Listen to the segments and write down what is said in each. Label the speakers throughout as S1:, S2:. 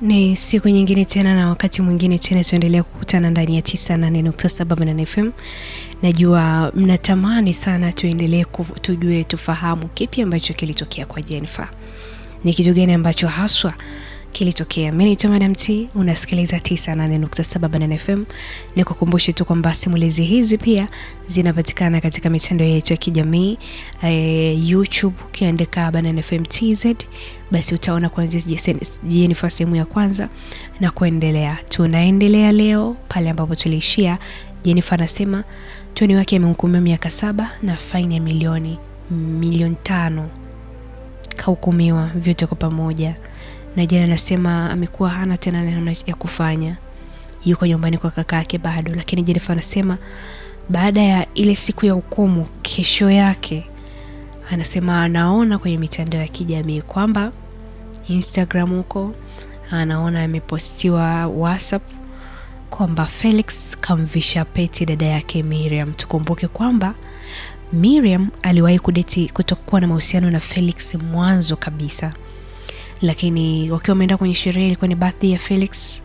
S1: Ni siku nyingine tena na wakati mwingine tena tunaendelea kukutana ndani ya 98.7 FM. Najua mnatamani sana tuendelee tujue, tufahamu kipi ambacho kilitokea kwa Jennifer, ni kitu gani ambacho haswa kilitokea. Mimi naitwa Madam T, unasikiliza 98.7 FM. ni kukumbushe tu kwamba simulizi hizi pia zinapatikana katika mitandao yetu ya kijamii e, YouTube ukiandika Banana FM TZ basi utaona kuanzia Jennifer sehemu ya kwanza na kuendelea. Tunaendelea leo pale ambapo tuliishia. jenifa anasema tweni wake amehukumiwa miaka saba na faini ya milioni milioni tano kahukumiwa vyote kwa pamoja na jana anasema amekuwa hana tena namna ya kufanya, yuko nyumbani kwa yake bado. Lakini Jennifer anasema baada ya ile siku ya hukumu, kesho yake anasema anaona kwenye mitandao ya kijamii kwamba Instagram huko anaona amepostiwa WhatsApp kwamba Felix kamvisha peti dada yake Miriam. Tukumbuke kwamba Miriam aliwahi kudeti kutokuwa na mahusiano na Felix mwanzo kabisa lakini wakiwa wameenda kwenye sherehe, ilikuwa ni birthday ya Felix.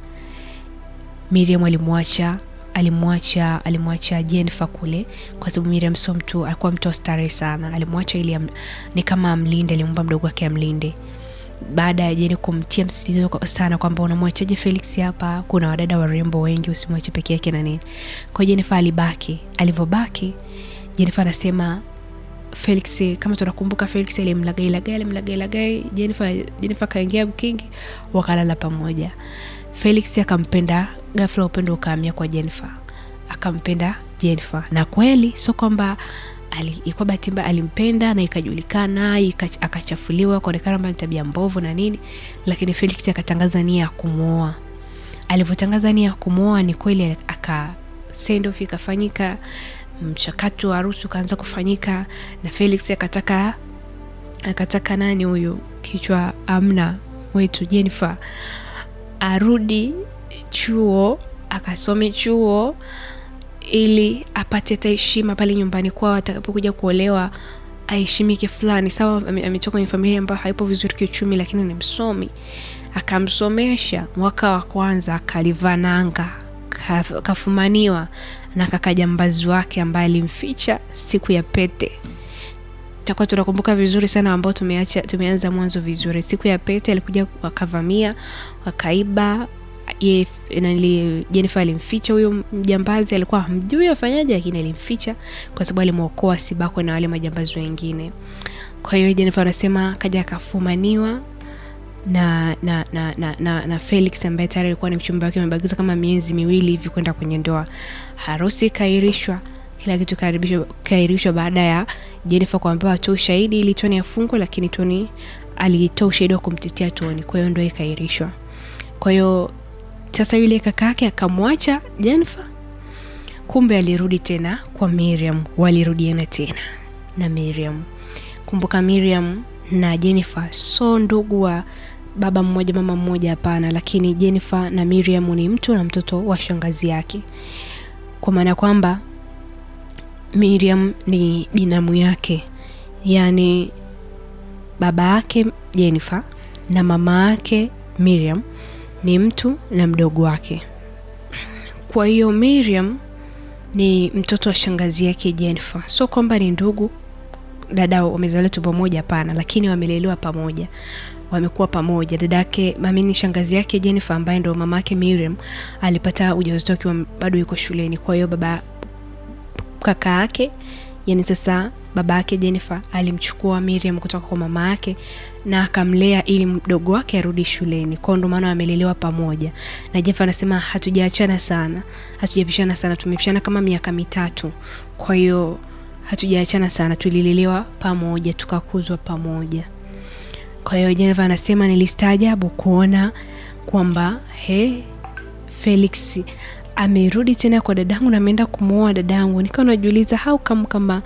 S1: Miriam alimwacha alimwacha alimwacha Jennifer kule, kwa sababu Miriam sio mtu, alikuwa mtu wa starehe sana. Alimwacha ili ni kama amlinde, alimwomba mdogo wake amlinde, baada ya Jeni kumtia msisitizo sana kwamba unamwachaje Felix hapa, kuna wadada warembo wengi, usimwache peke yake na nini. Kwa Jennifer alibaki. Alivyobaki Jennifer anasema Felix kama tunakumbuka, Felix alimlagai lagai alimlagai lagai Jennifer, Jennifer kaingia mkingi, wakalala pamoja. Felix akampenda ghafla, upendo ukahamia kwa Jennifer, akampenda Jennifer na kweli sio kwamba ilikuwa bahati mbaya, alimpenda na ikajulikana, akachafuliwa kuonekana kwamba ni tabia mbovu na nini, lakini Felix akatangaza nia ya kumwoa. Alivyotangaza nia ya kumwoa, ni kweli aka send off ikafanyika mchakato wa harusi ukaanza kufanyika na Felix akataka akataka nani huyu kichwa amna wetu Jennifer arudi chuo akasome chuo ili apate hata heshima pale nyumbani kwao atakapokuja kuolewa aheshimike fulani. Sawa, ametoka kwenye familia ambayo haipo vizuri kiuchumi, lakini ni msomi. Akamsomesha mwaka wa kwanza, kalivananga kafumaniwa na kaka jambazi wake ambaye alimficha siku ya pete. takuwa tunakumbuka vizuri sana, ambao tumeacha tumeanza mwanzo vizuri. Siku ya pete alikuja wakavamia, wakaiba ye Jennifer alimficha huyo mjambazi, alikuwa hamjui afanyaje, lakini alimficha kwa sababu alimwokoa sibakwe na wale majambazi wengine. Kwa hiyo Jennifer anasema kaja akafumaniwa na na na na, na, na Felix ambaye tayari alikuwa ni mchumba wake, amebakiza kama miezi miwili hivi kwenda kwenye ndoa. Harusi kairishwa, kila kitu kairishwa baada ya Jennifer kuambiwa atoe ushahidi ili Tony afungwe, lakini Tony alitoa ushahidi wa kumtetea Tony, kwa hiyo ndoa ikairishwa. Kwa hiyo sasa yule kaka yake akamwacha Jennifer, kumbe alirudi tena kwa Miriam, walirudiana tena na Miriam. Kumbuka Miriam na Jennifer so ndugu wa baba mmoja mama mmoja, hapana. Lakini Jennifer na Miriam ni mtu na mtoto wa shangazi yake, kwa maana kwamba Miriam ni binamu yake, yaani baba yake Jennifer na mama yake Miriam ni mtu na mdogo wake. Kwa hiyo Miriam ni mtoto wa shangazi yake Jennifer, sio kwamba ni ndugu dada wamezaliwa tu pamoja, hapana, lakini wamelelewa pamoja wamekuwa pamoja. Dadake mamini, shangazi yake Jennifer ambaye ndo mamake Miriam alipata ujauzito akiwa bado yuko shuleni. Kwa hiyo baba kaka yake yani sasa baba yake Jennifer alimchukua Miriam kutoka kwa mama yake na akamlea ili mdogo wake arudi shuleni. Kwa ndo maana wamelelewa pamoja. Na Jennifer anasema hatujaachana sana, hatujapishana sana, tumepishana kama miaka mitatu. Kwa hiyo hatujaachana sana, tulilelewa pamoja, tukakuzwa pamoja. Kwa hiyo Jeneva anasema nilistaajabu kuona kwamba he, Felix amerudi tena kwa dadangu na ameenda kumwoa dadangu. Nikawa najiuliza how come kama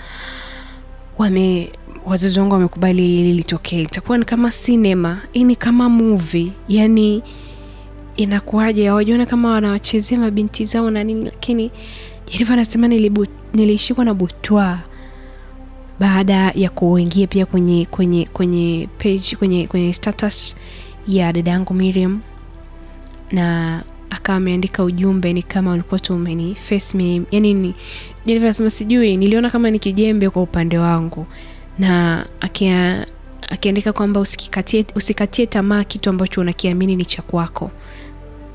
S1: wame wazazi wangu wamekubali hili litokee, itakuwa ni kama sinema, hii ni kama movie, yani inakuwaje? Hawajiona kama wanawachezea mabinti zao na nini, lakini Jennifer anasema nilishikwa na butwaa baada ya kuingia pia kwenye kwenye kwenye page kwenye kwenye status ya dada yangu Miriam, na akawa ameandika ujumbe ni kama ulikuwa tu umeni face me, yani ni Jennifer sijui, niliona kama ni kijembe kwa upande wangu, na akia akiandika kwamba usikatie usikatie tamaa kitu ambacho unakiamini ni cha kwako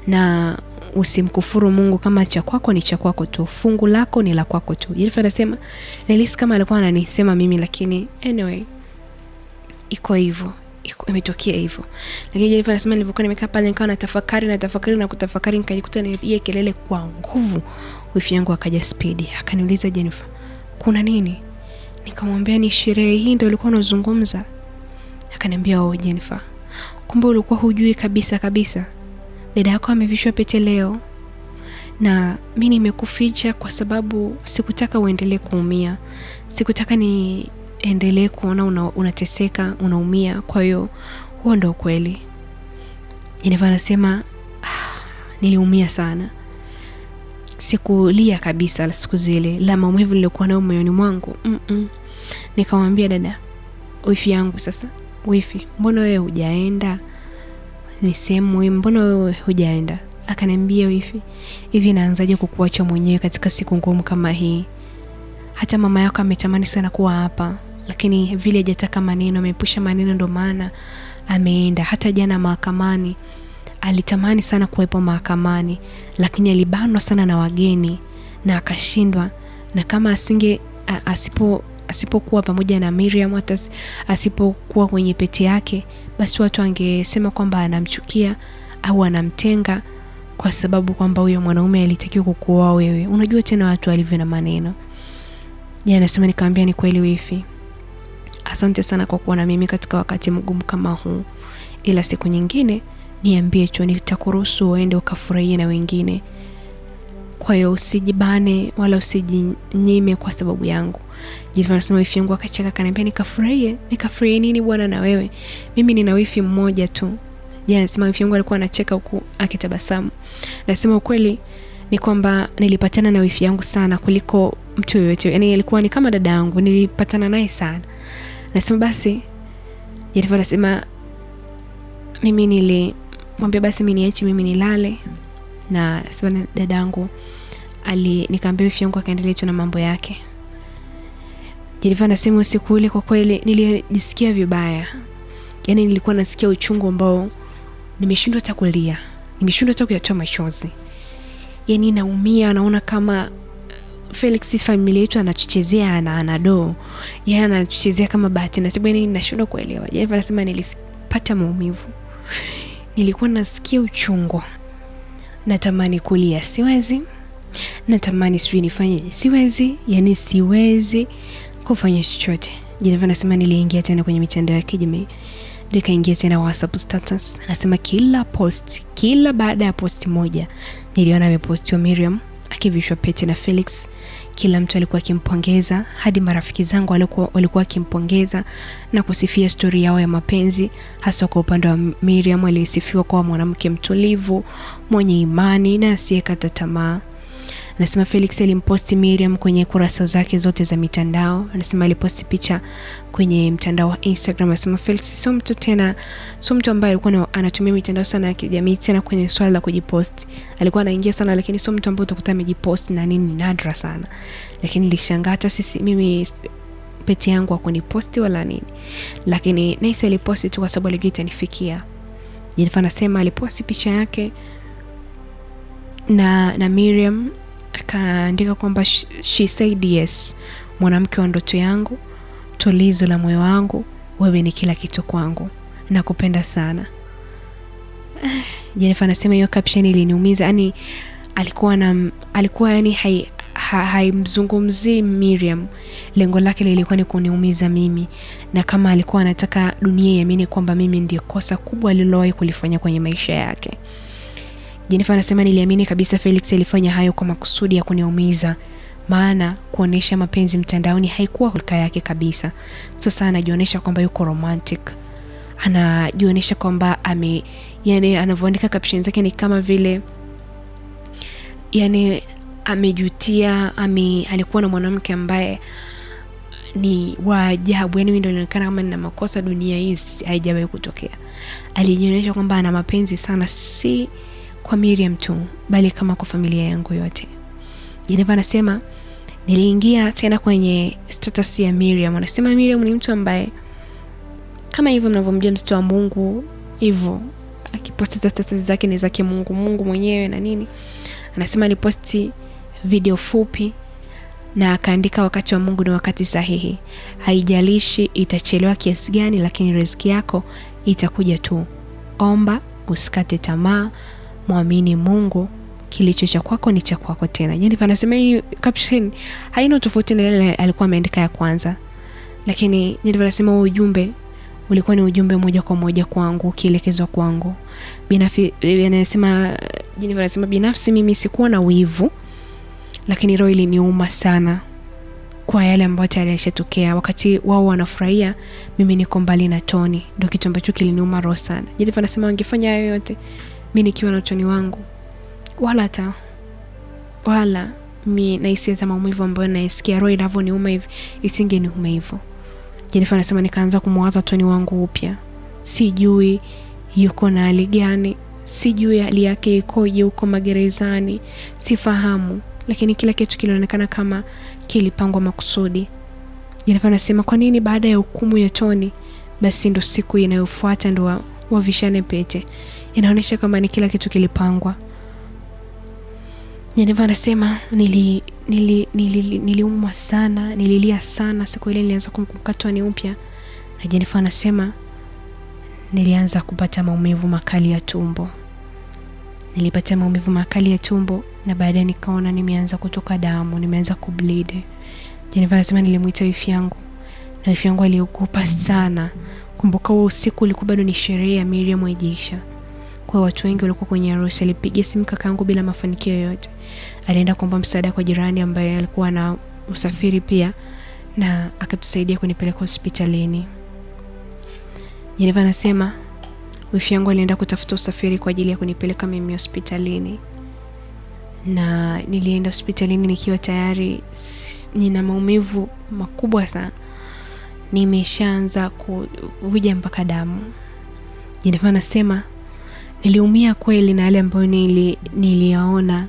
S1: na usimkufuru Mungu kama cha kwako ni cha kwako tu, fungu lako ni la kwako tu. Jenifer anasema nilisi kama alikuwa ananisema mimi, lakini anyway, iko hivyo imetokea hivyo. Lakini Jenifer anasema nilivyokuwa nimekaa pale, nikawa na tafakari na tafakari na kutafakari, nikajikuta nimepiga kelele kwa nguvu. Wifi yangu akaja spidi, akaniuliza Jenifer, kuna nini? Nikamwambia ni sherehe hii ndio ulikuwa unazungumza. Akaniambia oh, Jenifer, kumbe ulikuwa hujui kabisa kabisa dada yako amevishwa pete leo, na mi nimekuficha kwa sababu sikutaka uendelee kuumia, sikutaka niendelee kuona una, unateseka unaumia. Kwa hiyo huo ndo ukweli. Jenifer anasema ah, niliumia sana, sikulia kabisa siku zile, la maumivu niliokuwa nayo moyoni mwangu mm -mm. Nikamwambia dada, wifi yangu sasa, wifi, mbona wewe hujaenda ni sehemu muhimu, mbona wewe hujaenda? Akaniambia hivi hivi, naanzaje kukuacha mwenyewe katika siku ngumu kama hii? Hata mama yako ametamani sana kuwa hapa, lakini vile hajataka maneno, amepusha maneno, ndo maana ameenda. Hata jana mahakamani alitamani sana kuwepo mahakamani, lakini alibanwa sana na wageni na akashindwa, na kama asinge asipo asipokuwa pamoja na Miriam, hata asipokuwa kwenye pete yake, basi watu wangesema kwamba anamchukia au anamtenga kwa sababu kwamba huyo mwanaume alitakiwa kukuoa wewe. Unajua tena watu walivyo na maneno. Je, anasema nikamwambia, ni kweli wifi, asante sana kwa kuwa na mimi katika wakati mgumu kama huu, ila siku nyingine niambie tu, nitakuruhusu uende ukafurahie na wengine. Kwa hiyo usijibane wala usijinyime kwa sababu yangu. Jenifer anasema wifi yangu akacheka akaniambia nikafurahie. Nikafurahie nini bwana na wewe? Mimi nina wifi mmoja tu. Jenifer anasema wifi yangu alikuwa anacheka huku akitabasamu. Nasema ukweli ni kwamba nilipatana na wifi yangu sana kuliko mtu yoyote. Yaani alikuwa ni kama dada yangu, nilipatana naye sana. Nasema basi Jenifer anasema mimi nilimwambia basi mimi niache mimi nilale na sema dada yangu ali, nikaambia wifi yangu akaendelea na mambo yake. Jenifer anasema usiku ule kwa kweli nilijisikia vibaya, yaani nilikuwa nasikia uchungu ambao nimeshindwa hata kulia, nimeshindwa hata kuyatoa machozi, yaani naumia, naona kama uh, Felix familia yetu anatuchezea, ana anado yeye anatuchezea kama bahati nasibu, yani nashindwa kuelewa. Jenifer anasema nilipata maumivu, nilikuwa nasikia uchungu, natamani kulia, siwezi, natamani sijui nifanyeje, siwezi, yani siwezi kufanya chochote. Jeneva anasema niliingia tena kwenye mitandao ya kijamii, nikaingia tena WhatsApp status. Anasema kila post, kila baada ya posti moja niliona amepostiwa Miriam akivishwa pete na Felix. Kila mtu alikuwa akimpongeza, hadi marafiki zangu walikuwa wakimpongeza na kusifia stori yao ya mapenzi, hasa kwa upande wa Miriam aliyesifiwa kuwa mwanamke mtulivu, mwenye imani na asiyekata tamaa. Anasema Felix alimposti Miriam kwenye kurasa zake zote za mitandao. Anasema aliposti picha kwenye mtandao wa Instagram. Anasema Felix sio mtu tena, sio mtu ambaye alikuwa anatumia mitandao sana ya kijamii tena kwenye swala la kujiposti. Alikuwa anaingia sana, lakini sio mtu ambaye utakuta amejiposti na nini, nadra sana. Lakini nilishangaa hata sisi mimi pete yangu hakuniposti wala nini, lakini Nice aliposti tu kwa sababu alijua itanifikia. Jenifer anasema aliposti picha yake na na Miriam akaandika kwamba she said yes, mwanamke wa ndoto yangu, tulizo la moyo wangu, wewe ni kila kitu kwangu, nakupenda sana. Jennifer anasema hiyo caption iliniumiza, yani alikuwa na alikuwa yani hai haimzungumzii Miriam. Lengo lake lilikuwa ni kuniumiza mimi, na kama alikuwa anataka dunia iamini kwamba mimi ndiyo kosa kubwa alilowahi kulifanya kwenye maisha yake. Jennifer anasema niliamini kabisa Felix alifanya hayo kwa makusudi ya kuniumiza, maana kuonesha mapenzi mtandaoni haikuwa hulka yake kabisa. Sasa anajionyesha kwamba yuko romantic, anajionyesha kwamba ame, yani anavyoandika caption zake ni kama vile yani amejutia ame, alikuwa na mwanamke ambaye ni wa ajabu, yani mimi ndio kama nina makosa, dunia hii haijawahi kutokea. Alijionyesha kwamba ana mapenzi sana si kwa Miriam tu, bali kama kwa familia yangu yote. Jeneva anasema niliingia tena kwenye status ya Miriam. Anasema Miriam ni mtu ambaye kama hivyo mnavyomjua mtoto wa Mungu hivyo akiposti status zake ni zake Mungu, Mungu mwenyewe na nini. Anasema aliposti video fupi na akaandika, wakati wa Mungu ni wakati sahihi, haijalishi itachelewa kiasi gani, lakini riziki yako itakuja tu. Omba, usikate tamaa, mwamini Mungu, kilicho cha kwako ni cha kwako tena. Jenifer anasema hii caption haina tofauti na ile alikuwa ameandika ya kwanza, lakini Jenifer anasema ujumbe ulikuwa ni ujumbe moja kwa moja kwangu, ukielekezwa kwangu. Binafsi eh, Anasema Jenifer anasema binafsi mimi sikuwa na wivu, lakini roho iliniuma sana kwa yale ambayo tayari yalishatokea. Wakati wao wanafurahia, mimi niko mbali na Toni, ndio kitu ambacho kiliniuma roho sana. Jenifer anasema wangefanya hayo yote mi nikiwa na utani wangu, wala hata wala mi na za maumivu ambayo naisikia roho inavyoniuma hivi isingeniuma hivyo. Jenifa anasema nikaanza kumwaza toni wangu upya, sijui yuko na hali gani, sijui hali yake ikoje huko magerezani, sifahamu, lakini kila kitu kilionekana kama kilipangwa makusudi. Jenifa anasema kwa nini baada ya hukumu ya Toni basi ndo siku inayofuata ndo wavishane pete inaonyesha kwamba ni kila kitu kilipangwa. Jeneva anasema nili nili nili, nili, nili sana, nililia sana siku ile nilianza kukatwa ni upya, na Jeneva anasema nilianza kupata maumivu makali ya tumbo, nilipata maumivu makali ya tumbo na baadaye nikaona nimeanza kutoka damu, nimeanza kubleed. Jeneva anasema nilimwita wifi yangu na wifi yangu aliogopa sana. Kumbuka huo usiku ulikuwa bado ni sherehe ya Miriam Ejeisha kwa watu wengi walikuwa kwenye harusi. alipiga simu yangu bila mafanikio yoyote. Alienda kuomba msaada kwa jirani ambaye alikuwa na usafiri pia, na akatusaidia kunipeleka hospitalini. Jeneva anasema wifi yangu alienda kutafuta usafiri kwa ajili ya kunipeleka mimi hospitalini, na nilienda hospitalini nikiwa tayari nina maumivu makubwa sana, nimeshaanza kuvuja mpaka damu. Jeneva anasema niliumia kweli na yale ambayo nili, niliyaona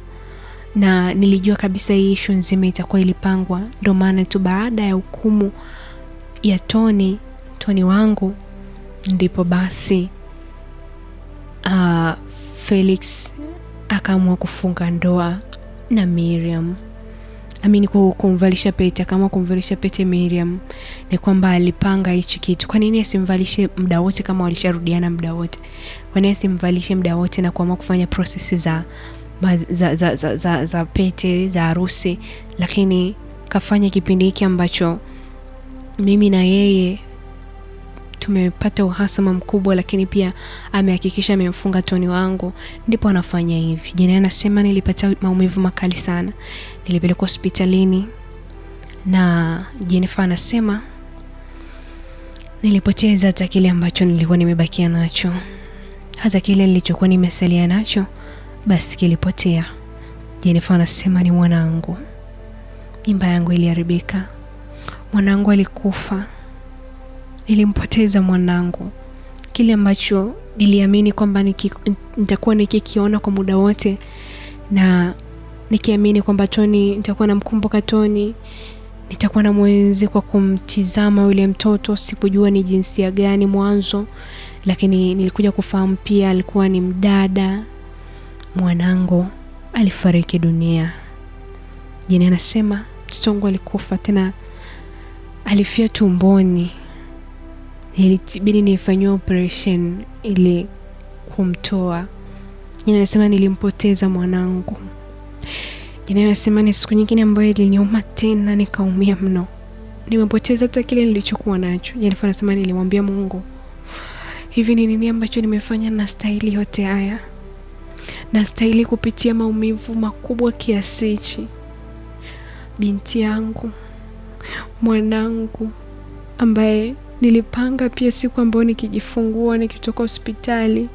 S1: na nilijua kabisa hii ishu nzima itakuwa ilipangwa. Ndio maana tu baada ya hukumu ya Toni Toni wangu ndipo basi uh, Felix akaamua kufunga ndoa na Miriam amini kwa kumvalisha pete, kama kumvalisha pete Miriam ni kwamba alipanga hichi kitu. Kwa nini asimvalishe muda wote kama walisharudiana muda wote? Kwa nini asimvalishe muda wote na kuamua kufanya prosesi za za, za, za, za za pete za harusi, lakini kafanya kipindi hiki ambacho mimi na yeye tumepata uhasama mkubwa, lakini pia amehakikisha amemfunga Toni wangu, ndipo anafanya hivi. jina anasema nilipata maumivu makali sana, nilipelekwa hospitalini, na jenifa anasema nilipoteza hata kile ambacho nilikuwa nimebakia nacho, hata kile nilichokuwa nimesalia nacho, basi kilipotea. jenifa anasema ni mwanangu, nyumba yangu iliharibika, mwanangu alikufa nilimpoteza mwanangu, kile ambacho niliamini kwamba nitakuwa nikikiona kwa muda wote na nikiamini kwamba Toni, nitakuwa namkumbuka Toni, nitakuwa na mwenzi kwa kumtizama yule mtoto. Sikujua ni jinsia gani mwanzo, lakini nilikuja kufahamu pia alikuwa ni mdada. Mwanangu alifariki dunia. jini anasema mtoto wangu alikufa, tena alifia tumboni nilibidi nifanyiwe operation ili kumtoa. Jina nasema nilimpoteza mwanangu. Jina nasema ni siku nyingine ambayo iliniuma tena nikaumia mno, nimepoteza hata kile nilichokuwa nacho. Jenifa nasema nilimwambia Mungu, hivi ni nini ambacho nimefanya? Nastahili yote haya? Nastahili kupitia maumivu makubwa kiasi hichi? Binti yangu, mwanangu ambaye Nilipanga pia siku ambayo nikijifungua, nikitoka hospitali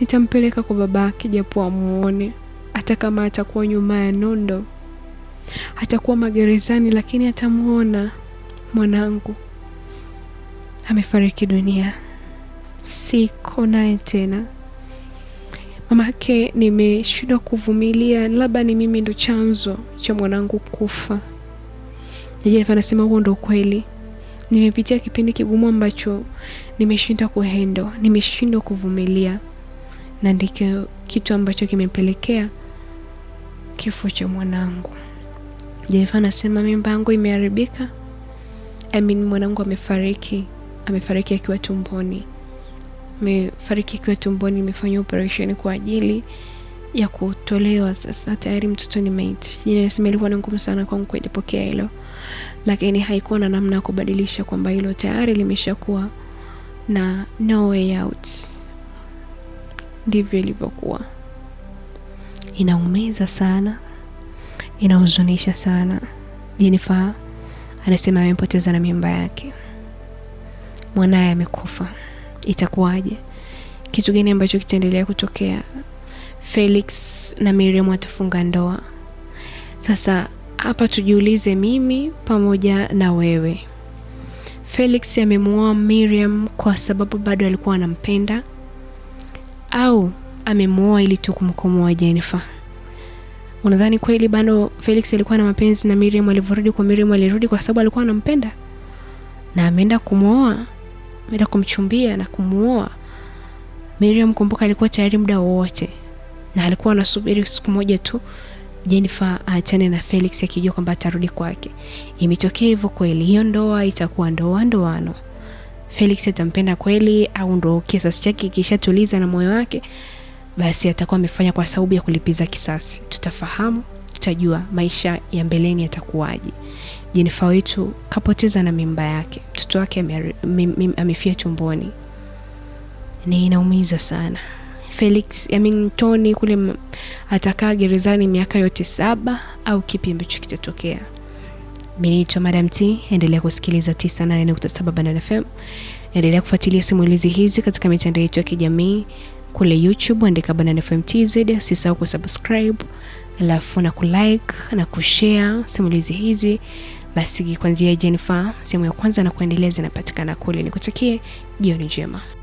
S1: nitampeleka kwa babake, japo amuone, hata kama atakuwa nyuma ya nondo, atakuwa magerezani, lakini atamuona mwanangu amefariki dunia, siko naye tena. Mamake nimeshindwa kuvumilia, labda ni mimi ndo chanzo cha mwanangu kufa. Jaji anasema huo ndo ukweli nimepitia kipindi kigumu ambacho nimeshindwa kuhendo, nimeshindwa kuvumilia, na ndiko kitu ambacho kimepelekea kifo cha mwanangu. Jenifa anasema mimba yangu imeharibika. I mean, mwanangu amefariki, amefariki akiwa tumboni, amefariki akiwa tumboni. Imefanya operesheni kwa ajili ya kutolewa, sasa tayari mtoto ni maiti. jini anasema ilikuwa ni ngumu sana kwangu kulipokea hilo lakini haikuwa na namna ya kubadilisha kwamba hilo tayari limeshakuwa na no way out. Ndivyo ilivyokuwa. Inaumiza sana, inahuzunisha sana. Jenifa anasema amempoteza na mimba yake, mwanaye amekufa. Itakuwaje? Kitu gani ambacho kitaendelea kutokea? Felix na Miriam watafunga ndoa sasa hapa tujiulize mimi pamoja na wewe. Felix amemwoa Miriam kwa sababu bado alikuwa anampenda au amemwoa ili tu kumkomoa Jennifer? Unadhani kweli bado Felix alikuwa na mapenzi na Miriam? Alivyorudi kwa Miriam alirudi kwa sababu alikuwa anampenda na ameenda kumwoa, ameenda kumchumbia na kumwoa Miriam. Kumbuka alikuwa tayari muda wowote na alikuwa anasubiri siku moja tu Jennifer aachane na Felix akijua kwamba atarudi kwake. Imetokea hivyo kweli, hiyo ndoa itakuwa ndoa ndoano. Felix atampenda kweli au ndo kisasi chake kishatuliza na moyo wake, basi atakuwa amefanya kwa sababu ya kulipiza kisasi. Tutafahamu, tutajua maisha ya mbeleni yatakuwaje. Jennifer wetu kapoteza na mimba yake, mtoto wake amefia tumboni, ni inaumiza sana. Felix Yamin Tony kule atakaa gerezani miaka yote saba au kipi ambacho kitatokea? naitwa Madam T, endelea kusikiliza 98.7 Banana FM. Endelea kufuatilia simulizi hizi katika mitandao yetu ya kijamii kule YouTube andika Banana FM TZ. Usisahau kusubscribe alafu na kulike na kushare simulizi hizi. Basi kuanzia Jennifer sehemu ya kwanza na kuendelea zinapatikana kule. Nikutakie jioni njema.